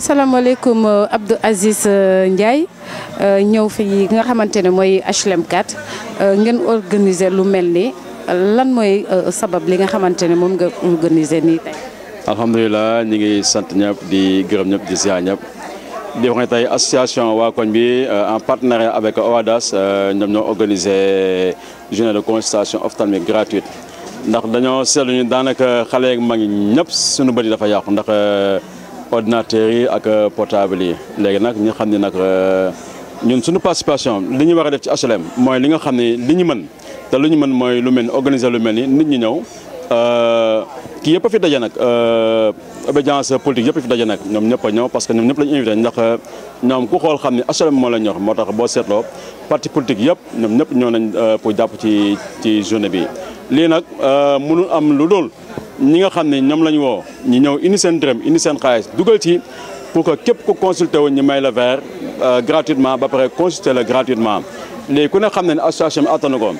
salaamaaleykum euh, Abdou Aziz euh, Ndiaye euh, ñëw fi nga xamante ne mooy HLM 4 ngeen organiser lu mel ni lan mooy sabab li nga xamante ne moom nga organiser nii tey. alhamdulilah ngi sant ñëpp di gërëm ñëpp di ziar ñëpp di wax ne tey association waa koñ bi en partenariat avec OADAS ñoom ñoo organiser journée de consultation ophtalmique gratuite. ndax dañoo seetlu daanaka xale ak mag ñëpp suñu bëri dafa yàqu ndax. ordinateur yi ak euh, portable yi léegi nag ñu xam ne nag euh, ñun suñu participation li ñu war a def ci HLM mooy li nga xam ne li ñu mën te lu ñu mën mooy lu mel ni organiser lu mel ni nit ñi ñëw euh, kii yëpp a fi daje nag obédience politique yëpp a fi daje nag ñoom ñëpp a ñëw parce que ñoom ñëpp la ñu invité ndax ñoom ku xool xam ne HLM moo la ñor moo tax boo seetloo parti politique yëpp ñoom ñëpp ñëw nañ pour jàpp ci ci journée bi. lii nag euh, mënul am lu dul ñi nga xam ne ñoom la ñu woo ñu ñëw indi seen dërëm indi seen xaalis dugal ci pour que képp ku consulté wu ñi may la verre euh, gratuitement ba pare consulté la gratuitement léegi ku ne xam ne ne association bi attanu ko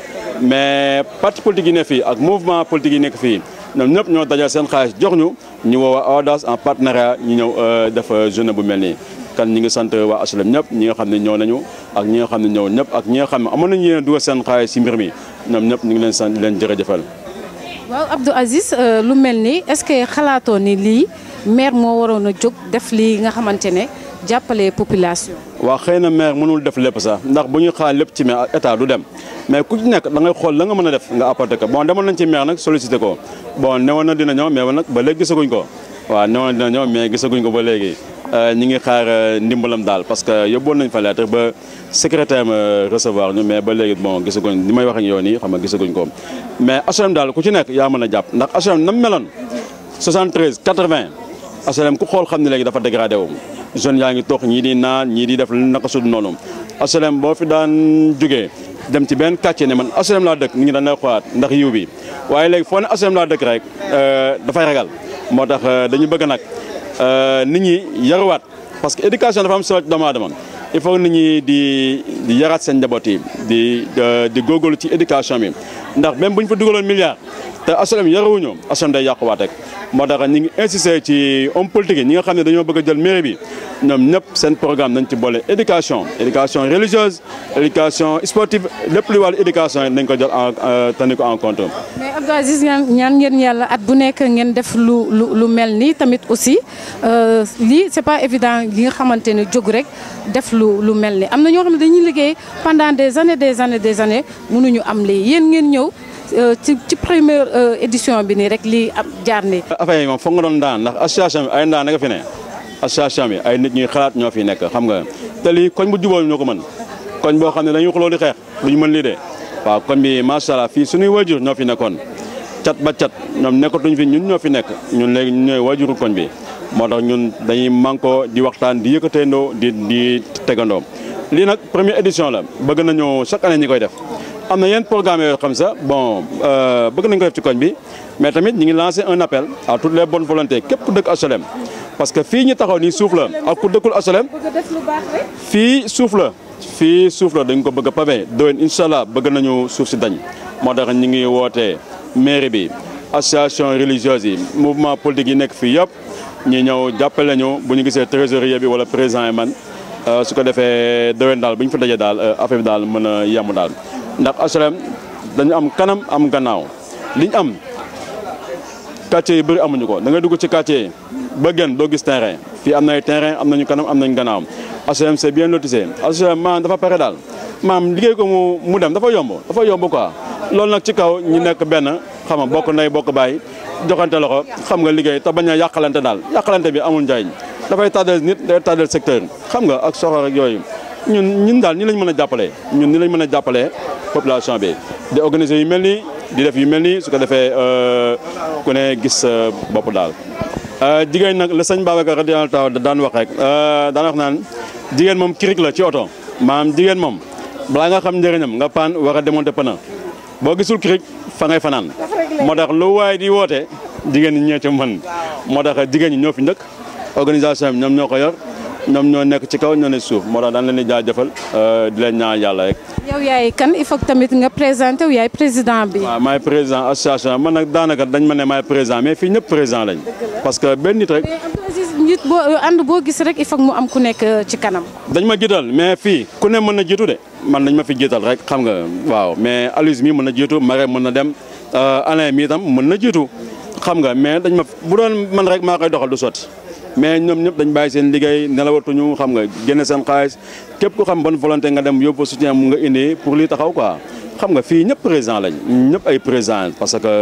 mais part politique yi ne fii ak mouvement politique yi nekk fii ñoom ñëpp ñoo dajal seen xaalis jox ñu ñu woo waa Audace en partenariat ñu ñëw euh, def jeune bu mel nii kan ñi ngi sant waa HLM ñëpp ñi nga xam ne ñëw nañu ak ñi nga xam ne ñëw ñëpp ak ñi nga xam ne amoon nañu yéen dugal seen xaalis si mbir mi ñoom ñëpp ñu ngi leen sant leen jërëjëfal. waaw Abdou Aziz euh, lu mel ni est-ce que xalaatoo ni lii maire moo waroon a jóg def lii nga xamante ne jàppale population. waaw xëy na maire mënul def lépp sax ndax bu ñuy xaal lépp ci maire état du dem mais ku ci nekk da ngay xool la nga mën a def nga apporté ko bon demoon nañ ci maire nag sollicité ko bon newoon na dina ñëw mais nag ba léegi gisaguñ ko waaw newoon na dina ñëw mais gisaguñ ko ba léegi Euh, ñi ngi xaar euh, ndimbalam daal parce que yóbboon nañ fa lettre ba secrétaire ma recevoir ñu mais ba léegi bon gisaguñ ni may wax ak yow nii xam nga gisaguñ ko mais HLM daal ku ci nekk yaa mën a jàpp ndax HLM nam meloon 73 80 HLM ku xool xam ne léegi dafa dégradé wu jeunes yaa ngi toog ñii di naan ñii di def naka su noonu HLM boo fi daan jógee dem ci benn quartier ne man HLM laa dëkk nit ñi dañ lay xoolaat ndax yiw bi waaye léegi foo ne HLM laa dëkk rek euh, dafa ragal moo tax dañu bëgg nag Euh, nit ñi yaruwaat parce que éducation dafa am solo ci doomu il faut nit ñi di di yaraat seen njaboot yi di euh, di góorgóorlu ci éducation bi ndax même bu ñu fa dugaloon milliard te asalem yarawuñu asalem day yàquwaat rek moo tax ñi ngi insister ci homme politique yi ñi nga xam ne dañoo bëgg a jël mairie bi ñoom ñëpp seen programme nañ ci boole éducation éducation religieuse éducation sportive lépp lu wàllu éducation yi nañ ko jël en euh, tani ko en compte. mais Abdou Aziz ñaan ngeen yàlla at bu nekk ngeen def lu lu lu mel nii tamit aussi euh, lii c'est pas évident li nga xamante ne jóg rek def lu lu mel ni am na ñoo xam ne dañuy liggéey pendant des années des années des années mënuñu am lii yéen ngeen ñëw. Euh, ci ci première euh, édition bi nii rek lii am jaar nii. affaire yi moom foog nga doon daan ndax association bi ay ndaan nga fi ne bi ay nit ñuy xalaat ñoo fi nekk xam nga te lii koñ bu jubóo ñoo ko mën koñ boo xam ne dañuy xuloo di xeex duñu mën lii de waaw koñ bi macha allah fii suñuy wajur ñoo fi nekkoon cat ba cat ñoom nekkatuñ fi ñun ñoo fi nekk ñun léegi ñun ñooy wajuru koñ bi moo tax ñun dañuy mànkoo di waxtaan di yëkkateendoo di di tegandoo lii nag première édition la bëgg nañoo chaque année ñi koy def am na yenn programme yoo xam sax bon euh, bëgg nañ ko def ci koñ bi mais tamit ñu ngi lancé un appel à toutes les bon volontés képp ku dëkk HLM. parce que fii ñu taxaw nii suuf la ak ku dëkkul HLM fii suuf la fii suuf la dañ ko bëgg a pavé déwén incha allah bëgg nañu suuf si dañ moo tax ñu ngi wootee mairie bi association religieuse yi mouvement politique yi nekk fii yëpp ñu ñëw jàppale ñu bu ñu gisee trésorier bi wala président yi man euh, su ko defee déwén daal bu ñu fa dajee daal euh, affaire bi daal mën a yem daal. ndax HLM dañu am kanam am gannaaw liñ am quartier yu bëri amuñu ko dangay dugg ci quartier ba gën doo gis terrain fii am na ay terrain am nañu kanam am nañu gannaaw HLM c'est bien lotissé HLM maanaam dafa pare daal maam liggéey ko mu mu dem dafa yomb dafa yomb quoi loolu nag ci kaw ñu nekk benn xam nga bokk nay bokk baay joxante loxo xam nga liggéey te bañ a yàqalante daal yàqalante bi amul njariñ dafay tàddal nit day tàddal secteur xam nga ak soxor ak yooyu ñun ñun daal ni lañ mën a jàppale ñun ni lañ mën a jàppale population bi di organiser yu mel nii di def yu mel nii su ko defee euh, ku ne gis euh, bopp daal. Euh, jigéen nag la sëñ Babacar radiyallahu taala daan wax rek daan wax naan jigéen moom kirik la ci oto maanaam jigéen moom balaa nga xam njëriñam nga paan war a démonter pneu boo gisul kirik fa ngay fanaan moo tax lu waaye di woote jigéen ñi ñee moo tax jigéen ñi ñoo fi njëkk organisation bi ñoom ñoo ko yor. ñoom ñoo nekk ci kaw ñoo ne suuf moo tax daan leen di jaajëfal euh, di leen ñaan yàlla rek. yow yaay kan il faut tamit nga présenté wu yaay président bi. waaw maay président association man nag daanaka dañ ma ne maay président mais fii ñëpp président lañ. parce que benn rek. nit euh, ànd boo gis rek il mu am ku nekk euh, ci kanam. dañ ma jiital mais fii ku ne mën na jiitu de man dañ ma fi jiital rek xam nga waaw mais Alice mii mën na jiitu Marème mën na dem Alain mii tam mën na jiitu xam nga mais dañ ma bu doon man rek maa koy doxal du sot mais ñoom ñëpp dañ bàyyi seen liggéey nelawatuñu xam nga génne seen xaalis képp ku xam bonne volonté nga dem yóbbu soutien mu nga indi pour li taxaw quoi xam nga fi ñëpp président lañ ñëpp ay président parce que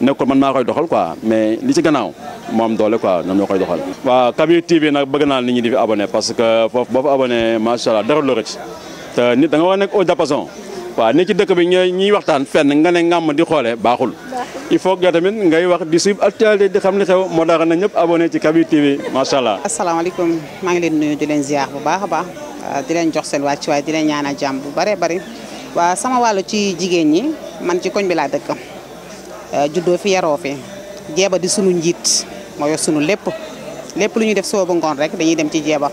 nekkul man maa koy doxal quoi mais li ci gannaaw moom doole quoi ñoom ñoo koy doxal. waa Kabir TV nag bëgg naa nit ñi di fi abonné parce que foofu boo fa abonné macha allah dara lu rëcc nit da nga war a nekk au waaw ne ci dëkk bi ñooy ñiy waxtaan fenn nga ne ngàmm di xoolee baaxul il faut que tamit ngay wax di suivre actualité di xam li xew moo tax na ñëpp abonné ci Kabir TV macha allah. asalaamaaleykum maa ngi leen nuyu di leen ziar bu baax baax ah, di leen jox seen wàccuwaay di leen ñaanal jàmm bu bëree bëri waa sama wàllu ci jigéen ñi man ci koñ bi laa dëkk ah, juddoo fi yaroo fi jeeba di sunu njiit moo sunu lépp lépp lu ñuy def soo ngoon rek dañuy dem ci jeeba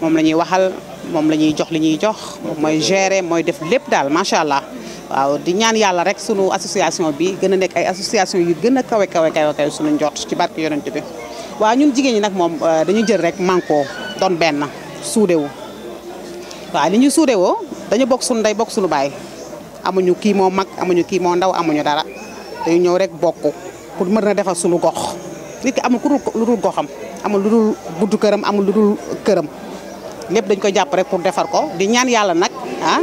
moom la waxal. moom la ñuy jox li ñuy jox mooy gérer mooy def lépp daal macha allah. waaw di ñaan yàlla rek sunu association bi gën a nekk ay association yu gën a kawe kawe kawe kawe sunu njort ci barke yonent bi waaw ñun jigéen ñi nag moom euh, dañu jël rek manko doon benn suudewu waaw li ñu suudewoo dañu bokk sunu ndey bokk sunu baay amuñu kii moo mag amuñu kii moo ndaw amuñu dara dañu ñëw rek bokk pour mën na defar sunu gox nit ki amul ku goxam amul lu dul buntu këram amul lu dul këram lépp dañ ko jàpp rek pour defar ko di ñaan yàlla nag ah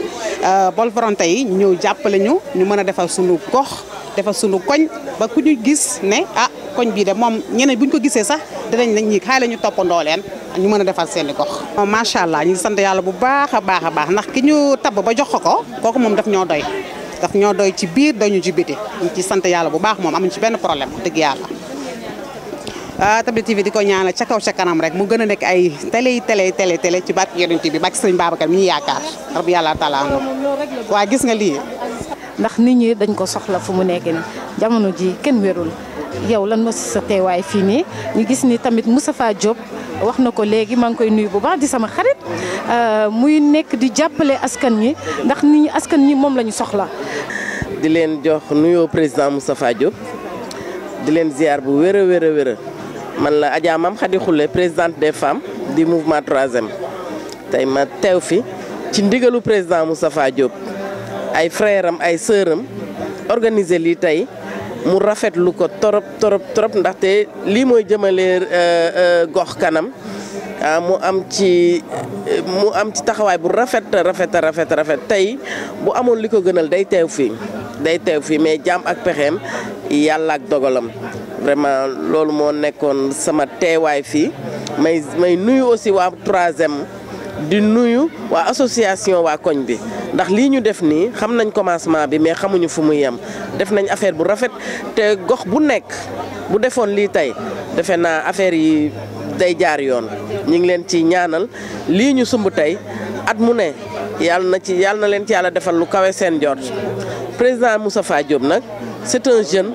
euh, bonne volonté yi ñëw jàppale ñu ñu mën a defar suñu gox defar suñu koñ ba ku ñu gis ne ah koñ bii de moom ñeneen bu ñu ko gisee sax dinañ dañ ñi xaay la ñu toppandoo leen ñu mën a defar seen i gox. macha allah ñu ngi sant yàlla bu baax a baax a baax ndax ki ñu tabb ba jox ko ko kooku moom daf ñoo doy daf ñoo doy ci biir doy ñu ci biti ñu ci sant yàlla bu baax moom am amuñ ci benn problème dëgg yàlla. ah Tabdou TV di ko ñaanal ca kaw ca kanam rek mu gën a nekk ay télé télé télé télé ci barke yonent bi barke sëñ Babacar mi ñu yaakaar rabbi yàlla taala waa gis nga lii. ndax nit ñi dañ ko soxla fu mu nekk nii jamono ji kenn wérul yow lan moo si sa teewaay fii nii ñu gis ni tamit Moustapha Diop wax na ko léegi maa ngi koy nuyu bu baax di sama xarit ah, muy nekk di jàppale askan ñi ndax nit ñi askan ñi moom la ñu soxla. di leen jox nuyoo président Moustapha Diop di leen ziar bu wér a wér a wér man la Adja Mame Khady Khoule présidente des femmes du mouvement 3M tey ma teew fi ci ndigalu président Moustapha Diop ay frère ay sœur am organiser lii tey mu rafetlu ko trop torop trop ndaxte lii mooy jëmale euh, euh, gox kanam ah mu am ci mu am ci taxawaay bu rafet rafet rafet rafet tey bu amoon li ko gënal day teew fii. day teew fii mais jaam ak pexeem yàlla ak dogalam vraiment loolu moo nekkoon sama teewaay fii may may nuyu aussi waa 3 di nuyu waa association waa koñ bi ndax lii ñu def nii xam nañ commencement bi mais xamuñu fu mu yem def nañ affaire bu rafet te gox bu nekk bu defoon lii tey defe naa affaire yi day jaar yoon ñu ngi leen ci ñaanal lii ñu sumb tey at mu ne yàlla na ci yàlla na leen ci yàlla defal lu kawe seen jot président Moustapha jóob nag c'est un jeune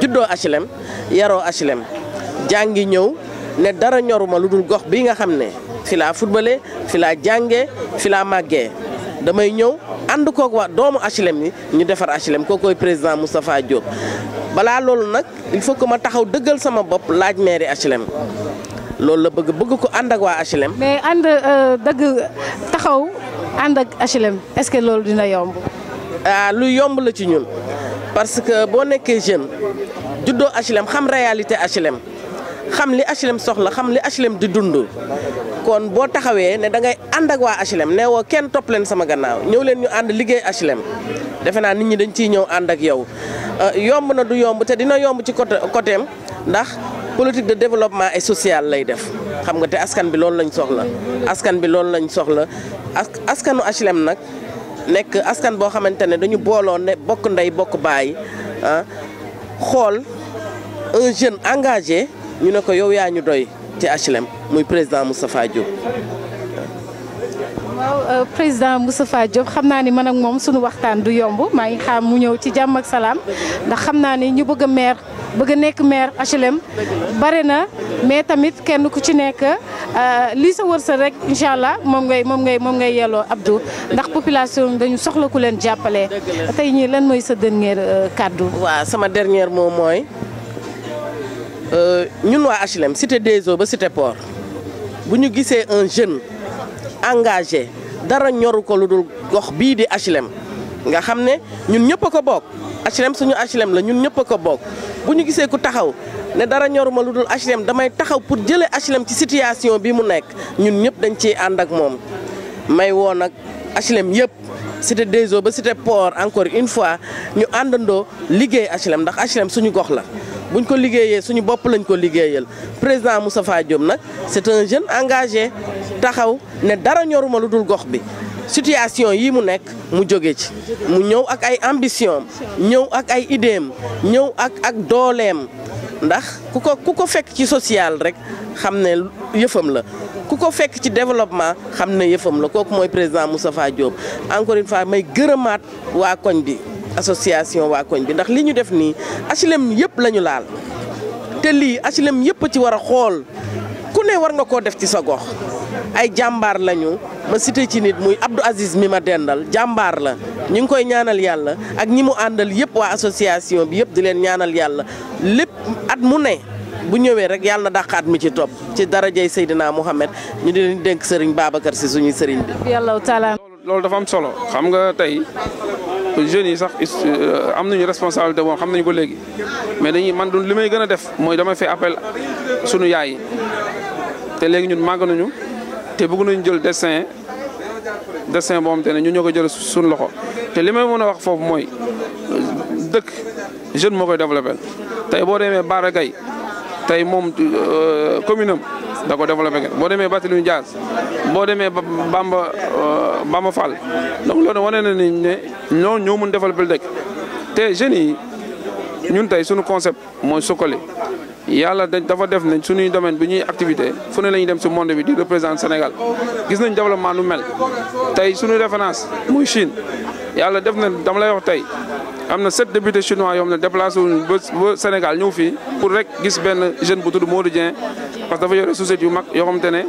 juddoo HLM yaroo HLM jàngi ñëw ne dara ñoruma lu dul gox bi nga xam ne fi laa footballé fi laa jàngee fi laa damay ñëw ànd kook waa doomu HLM yi ñu defar HLM kookoy président Moustapha Diop. balaa loolu nag il faut que ma taxaw dëggal sama bopp laaj mairie HLM loolu la bëgg bëgg ko ànd ak waa HLM. mais ànd euh, dëgg taxaw ànd ak HLM est-ce que loolu dina yomb. ah lu yomb la ci ñun parce que boo nekkee jeune juddoo HLM xam réalité HLM xam li HLM soxla xam li HLM di dund kon boo taxawee ne da ngay ànd ak waa HLM nee woo kenn topp leen sama gannaaw ñëw leen ñu ànd liggéey HLM defe naa nit ñi dañ ciy ñëw ànd ak yow euh, yomb na du yomb te dina yomb ci côté côté ndax politique de développement et social lay def xam nga te askan bi loolu lañ soxla askan bi loolu lañ soxla askanu HLM nag. nekk askan boo xamante ne dañu booloon ne bokk ndey bokk baay ah xool un jeune engagé ñu ne ko yow yaa ñu doy ci HLM muy président Moustapha Diop. waaw euh, président Moustapha Diop xam naa ni man ak moom suñu waxtaan du yomb maa ngi xaar mu ñëw ci jàmm ak salaam ndax xam naa ni ñu bëgg a maire bëgg nekk maire HLM bare na mais tamit kenn ku ci nekk euh, lii sa wërsëg rek incha allah moom ngay moom ngay moom ngay yelloo Abdou ndax population dañu soxla ku leen jàppale tey ñii lan mooy sa dernier euh, kàddu waaw sama dernier moom mooy euh, ñun waa HLM cité des eaux ba cité port bu ñu gisee un jeune engage dara ñoru ko lu dul gox bii di HLM nga xam ne ñun ñëpp a ko bokk HLM suñu HLM la ñun ñëpp ko bokk bu ñu gisee ku taxaw ne dara ñoruma lu dul HLM damay taxaw pour jëlee HLM ci situation bi mu nekk ñun ñëpp dañ ciy ànd ak moom may woo nag HLM yëpp cité des eaux ba cité port encore une fois ñu àndandoo liggéey HLM ndax HLM suñu gox la buñ ko liggéeyee suñu bopp lañ ko liggéeyal président Moustapha joom nag c'est un jeune engagé taxaw ne dara ñoruma lu dul gox bi situation yii mu nekk mu jóge ci mu ñëw ak ay ambition ñëw ak ay idéem ñëw ak ak dooleem ndax ku ko ku ko fekk ci social rek xam ne yëfam la ku ko fekk ci développement xam ne yëfam la kooku mooy président Moustapha Diop encore une fois may gërëmaat waa koñ bi association waa koñ bi ndax li ñu def nii HLM yëpp lañu laal te lii HLM yëpp ci war a xool ku ne war nga koo def ci sa gox ay jàmbaar lañu ma cité ci nit muy Abdou Aziz mi ma dendal jàmbaar la ñu ngi koy ñaanal yàlla ak ñi mu àndal yëpp waa association bi yëpp di leen ñaanal yàlla lépp at mu ne bu ñëwee rek yàlla na dàqaat mi ci topp ci darajay Seydina Mouhamed ñu di leen denk sëriñ Babacar si suñuy sëriñ bi. yàlla loolu dafa am solo xam nga tey jeunes yi sax euh, am nañu responsabilité boobu xam nañu ko léegi mais dañuy man du li may gën a def mooy dama fay appel suñu yaay te léegi ñun màgg nañu te bëgg nañu jël dessin dessin boo xam te ne ñu ñoo ko jël suñu loxo te li may mën a wax foofu mooy dëkk jeune moo koy développé tey boo demee Bara Gaye tey moom euh, commune am da ko développé kenn boo demee Barthélémy Dias boo demee Bamba euh, Bamba Fall donc loolu wane na ni ne ñoo ñoo mun développé dëkk te jeunes yi ñun tey suñu concept mooy sukkali yàlla dañ dafa def nañ suñuy domaine bi ñuy activité fu ne la ñuy dem si monde bi di représenter Sénégal gis nañ développement nu mel tey suñu référence muy Chine yàlla def na dama lay wax tey am na set députés chinois yoo xam ne déplacé wu ba Sénégal ñëw fii pour rek gis benn jeune bu tudd Modou Dieng parce que dafa yore société yu mag yoo xam ne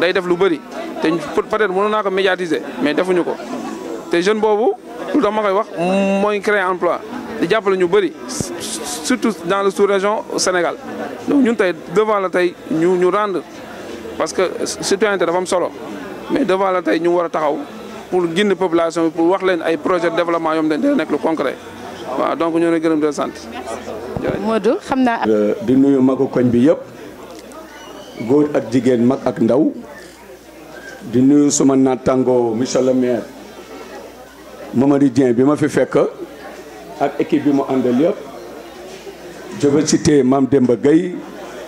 day def lu bëri te peut-être mënoon naa ko médiatiser mais defuñu ko te jeune boobu lu dama koy wax mooy créer emploi di jàppale ñu bëri surtout dans la sous-région Sénégal donc ñun tey devant la tey ñu ñu rendre parce que citoyenneté dafa am solo mais devant la tey ñu war a taxaw pour gindi population pour wax leen ay projet de développement yoom dañ dee nekk lu concret waaw donc ñoo ne gërëm di sant xam naa euh, di nuyu magu koñ bi yëpp góor ak jigéen mag ak ndaw di nuyu suma naataango monsieur le maire Mamadou Dieng bi ma fi fekk ak équipe bi mu àndal yëpp je veux citer Mam Demba Gueye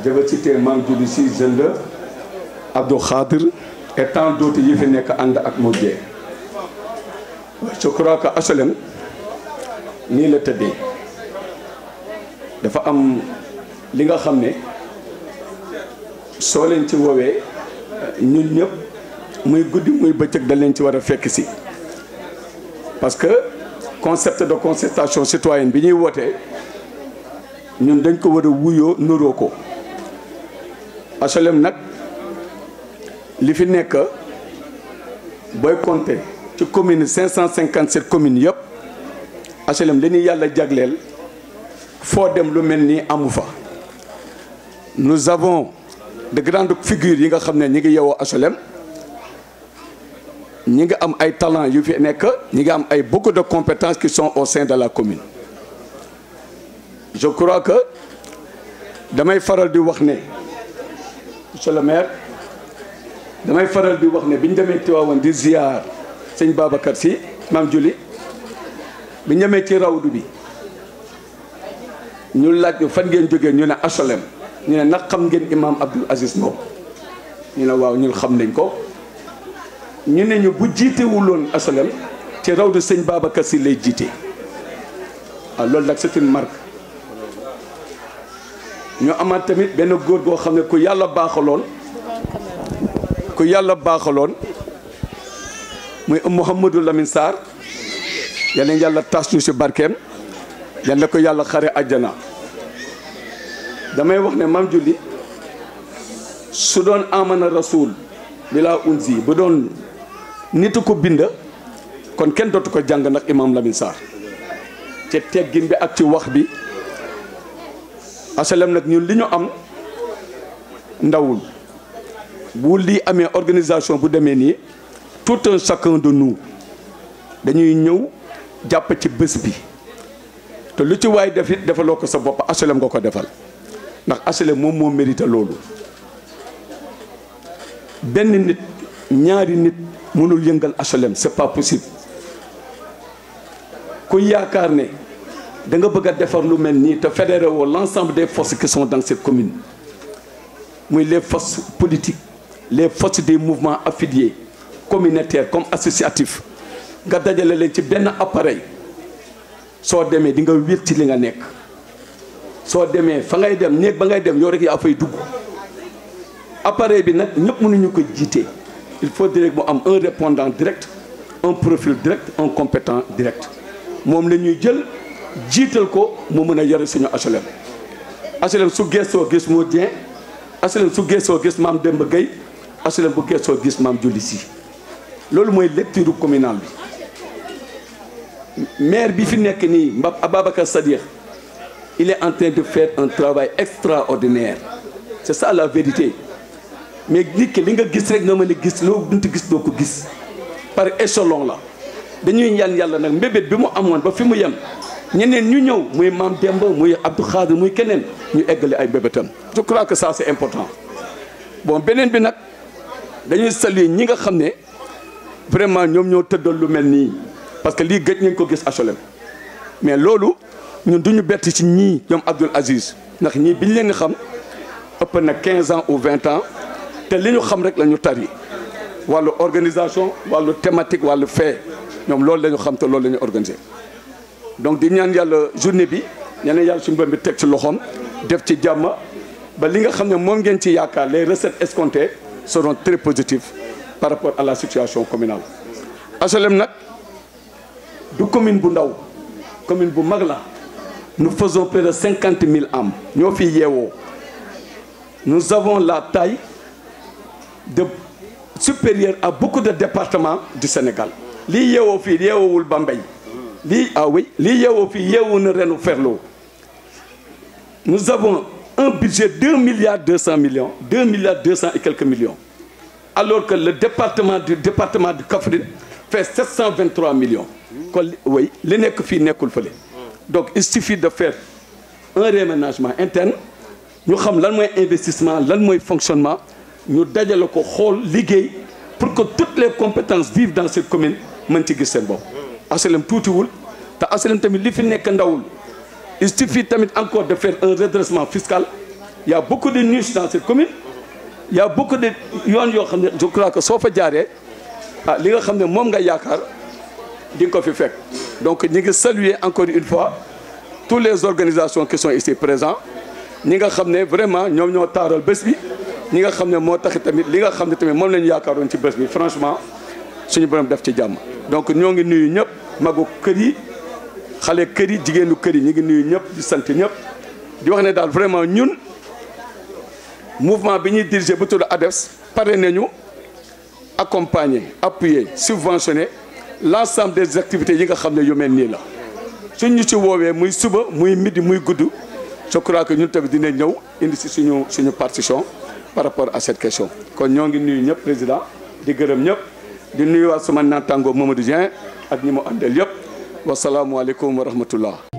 je veux citer Mam Diouli Sy Zende Abdou Khadir et tant yi fi nekk ànd ak moje je crois que HLM nii la tëddee dafa am li nga xam ne soo leen ci woowee ñun ñëpp muy guddi muy bëccëg da leen ci war a fekk si parce que concept de concertation citoyenne bi ñuy wootee ñun dañ ko war a wuyoo nuroo ko asolem nag li fi nekk booy compter ci commune cinq cent cinquante sept communes yëpp asolem li ñu yàlla jagleel foo dem lu mel nii amu fa nous avons de grandes figures yi nga xam ne ñi ngi yewoo asolem ñi ngi am ay talent yu fi nekk ñi ngi am ay beaucoup de compétences qui son au sein de la commune je crois que damay faral di wax ne monsieur damay faral di wax ne bi ñu demee Tiwaawan di ziar sëñ Babacar si maam Juli bi ñu demee ci rawdu bi ñu laaj fan ngeen jógee ñu ne asolem ñu ne nag xam ngeen imaam Abdul Aziz moom ñu ne waaw ñun xam nañ ko ñu ne ñu bu jiitewuloon asolem ci rawdu sëñ Babacar si lay jiite waaw ah, loolu nag c'est une ñu amaan tamit benn góor goo xam ne ku yàlla baaxaloon ku yàlla baaxaloon muy Mouhamadou umm Lamine Sarr yal na yàlla tas ñu barkeem yal ko yàlla xare àjjana damay wax ne maam julli su doon amana rasul bi laa unsi bu doon nitu ko bind kon kenn dootu ko jàng ndax imaam Lamine Sarr ci teggin bi ak ci wax bi HLM nag ñu li ñu am ndawul bu lii amee organisation bu demee nii tout un chacun de nous dañuy ñëw jàpp ci bés bi te lu ci waay def defaloo ko sa bopp HLM nga ko defal ndax HLM moom moo mérité loolu benn nit ñaari nit mënul yëngal HLM c'est pas possible ku yaakaar ne. da nga bëgg a defar lu mel nii te fédéré woo l' ensemble des forces qui sont dans cette commune muy les forces politique les forces des mouvement affiliés communautaires comme associatifs nga dajale leen ci benn appareil soo demee di nga wér ci li nga nekk soo demee fa ngay dem néeg ba ngay dem yow rek yaa fay dugg appareil bi nag ñëpp mënuñu ko jiite il faut direct mu am un répondant direct un profil direct un compétent direct moom la ñuy jël. jiital ko mu mën a yore suñu HLM HLM su geesoo gis moo Dieng HLM su geesoo gis maam Demba Gueye HLM bu geesoo gis maam Julli Si loolu mooy lecture communale bi maire bi fi nekk nii Mbab Ababacar Sadikh il est en train de faire un travail extraordinaire c'est ça la vérité mais nikk ki li nga gis rek nga mën a gis loo dunt gis doo ko gis par échelon la dañuy ñaan yàlla nag mbébét bi mu amoon ba fi mu yem ñeneen ñu ñëw muy maam Demba muy Abdou Khadir muy keneen ñu eggale ay bébétam je crois que ça c'est important bon beneen bi nag dañuy saluer ñi nga xam ne vraiment ñoom ñoo tëddal lu mel nii parce que lii gëj nañ ko gis HLM mais loolu ñun du ñu bett ci ñii ñoom Abdoul Aziz ndax ñii biñ leen xam ëpp na 15 ans ou 20 ans te li ñu xam rek lañu ñu tari wàllu organisation wàllu thématique wàllu fait ñoom loolu la xam te loolu lañu ñu donc di ñaan yàlla journée bi ñeneen yàlla suñu borom bi teg ci loxoom def ci jàmma ba li nga xam ne moom ngeen ci yaakaar les recettes escomptées seront très positives par rapport à la situation communale. HLM nag du commune bu ndaw commune bu mag la nous faisons près de cinquante mille âmes ñoo fi yeewoo nous savon la taille de supérieure à beaucoup de départements du Sénégal lii yeewoo fii yeewoowul Bambey. lii ah oui lii yeewoo fii yeewu na renu ferloo nous avons un budget deux milliards deux cent millions deux milliards deux et quelques millions alors que le département du département de Kaffrine fait cent vingt trois millions kon oui li nekk fii nekkul fële donc il suffit de faire un réaménagement interne ñu xam lan mooy investissement lan mooy fonctionnement ñu dajale ko xool liggéey pour que toutes les compétences vivent dans cette commune mën ci gis seen bopp HLM tuutiwul te HLM tamit li fi nekk ndawul il suffit tamit encore de faire un redressement fiscal il y a beaucoup de niches dans cette commune il y de yoon yoo xam ne je crois que soo fa jaaree ah li nga xam ne moom ngay yaakaar di nga ko fi fekk donc ñi ngi saluer encore une fois toutes les organisations qui sont ici présents ñi nga xam ne vraiment ñoo ñoo taaral bés bi ñi nga xam ne moo tax tamit li nga xam ne tamit moom la yaakaar yaakaaroon ci bés bi franchement suñu borom def ci jàmm donc ñoo ngi nuyu ñëpp magu kër yi xale kër yi jigéenu kër yi ñu ngi nuyu ñëpp di sant ñëpp di wax ne daal vraiment ñun mouvement bi ñuy diriger bu tudd ADEPS pare nañu accompagner appuyer subventionner l'ensemble des activités yi nga xam ne yu mel nii la suñ ñu ci woowee muy suba muy midi muy gudd je crois que ñun tamit dinañ ñëw indi si suñu suñu partition par rapport à cette question kon ñoo ngi nuyu ñëpp président di gërëm ñëpp. di nuyuwaat sama naataango Mamadou Dieng ak ñi mu àndal yëpp wasalaamualeykum wa rahmatullah